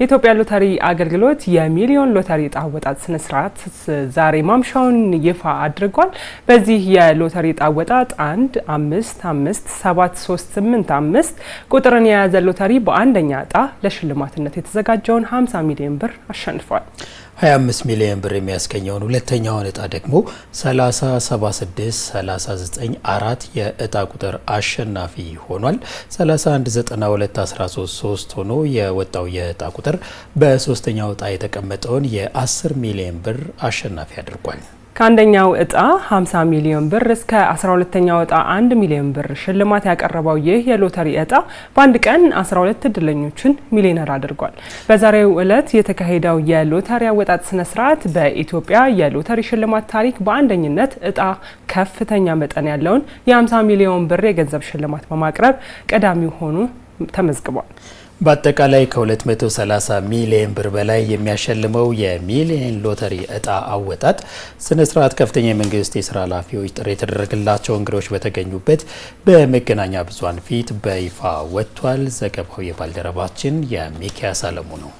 የኢትዮጵያ ሎተሪ አገልግሎት የሚሊዮን ሎተሪ እጣ አወጣጥ ስነ ስርዓት ዛሬ ማምሻውን ይፋ አድርጓል። በዚህ የሎተሪ እጣ አወጣጥ አንድ አምስት አምስት ሰባት ሶስት ስምንት አምስት ቁጥርን የያዘ ሎተሪ በአንደኛ እጣ ለሽልማትነት የተዘጋጀውን 50 ሚሊዮን ብር አሸንፏል። 25 ሚሊዮን ብር የሚያስገኘውን ሁለተኛውን እጣ ደግሞ 3076394 የእጣ ቁጥር አሸናፊ ሆኗል። 319213 ሆኖ የወጣው የእጣ ቁጥር ቁጥር በሶስተኛው እጣ የተቀመጠውን የ10 ሚሊዮን ብር አሸናፊ አድርጓል። ከአንደኛው እጣ 50 ሚሊዮን ብር እስከ 12ተኛው እጣ 1 ሚሊዮን ብር ሽልማት ያቀረበው ይህ የሎተሪ እጣ በአንድ ቀን 12 እድለኞችን ሚሊዮነር አድርጓል። በዛሬው ዕለት የተካሄደው የሎተሪ አወጣጥ ስነ ስርዓት በኢትዮጵያ የሎተሪ ሽልማት ታሪክ በአንደኝነት እጣ ከፍተኛ መጠን ያለውን የ50 ሚሊዮን ብር የገንዘብ ሽልማት በማቅረብ ቀዳሚው ሆኑ ተመዝግቧል። በአጠቃላይ ከ230 ሚሊዮን ብር በላይ የሚያሸልመው የሚሊየን ሎተሪ እጣ አወጣጥ ስነ ስርዓት ከፍተኛ የመንግስት የስራ ኃላፊዎች፣ ጥሪ የተደረገላቸው እንግዶች በተገኙበት በመገናኛ ብዙሃን ፊት በይፋ ወጥቷል። ዘገባው የባልደረባችን የሚኪያስ አለሙ ነው።